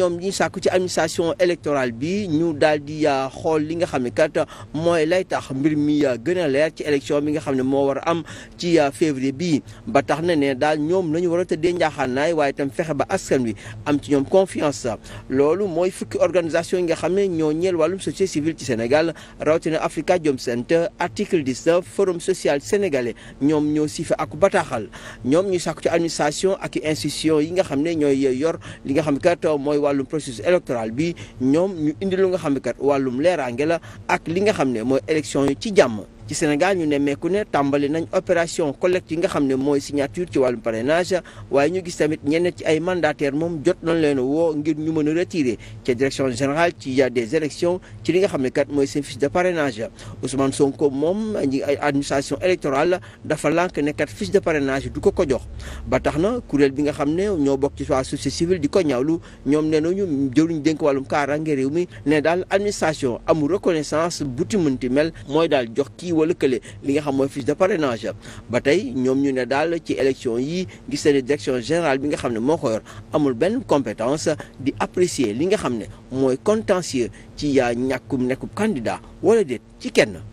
ñoom ñi sàkku ci électorale bi ñu daal di euh, xool li nga xam ne kat mooy lay tax mbir mi euh, gën a leer ci élection bi nga xam ne moo war a am ci euh, février bii ba tax na ne daal ñoom nañu war a tëddee njaaxaanaay waaye itam fexe ba askan wi am ci ñoom confiance loolu mooy fukki organisation yi nga xam ne ñoo ñeel wàllum société civile ci Sénégal rawatina Africa Jom Center article 19 social sénégalais ñoom ñoo siife ak bataaxal ñoom ñu sàkku ci administration ak institution yi nga xam ne ñooy yor li nga xam ne kat mooy wàllum processus électoral bi ñoom ñu indi lu nga xam ne kat wàllum leeraange la ak li nga xam ne mooy élection yi ci jàmm ci Sénégal ñu ne mekku ne tàmbali nañ opération collecte nga xam ne mooy signature ci wàllum parrainage waaye ñu gis tamit ñenn ci ay mandataire moom jot nañ leen woo ngir ñu mën a retirer ca direction générale ci ya des élections ci li nga xam ne kat mooy seen fiche de parrainage Ousmane Sonko moom ñi ay administration électorale dafa lànk ne kat fiche de parrainage du ko ko jox ba tax na kuréel bi nga xam ne ñoo bokk ci waa société civile di ko ñaawlu ñoom nee nañu jëruñ dénk wàllum kaarange réew mi ne daal administration amul ti mënti mel mooy daal wala kële li nga xam mooy fiche de parrainage ba tey ñoom ñu ne daal ci élection yi gis direction général bi nga xam ne moo ko yor amul benn compétence di apprécier li nga xam ne mooy contentieux ci yaa ñàkkum nekkub candidat wala déet ci kenn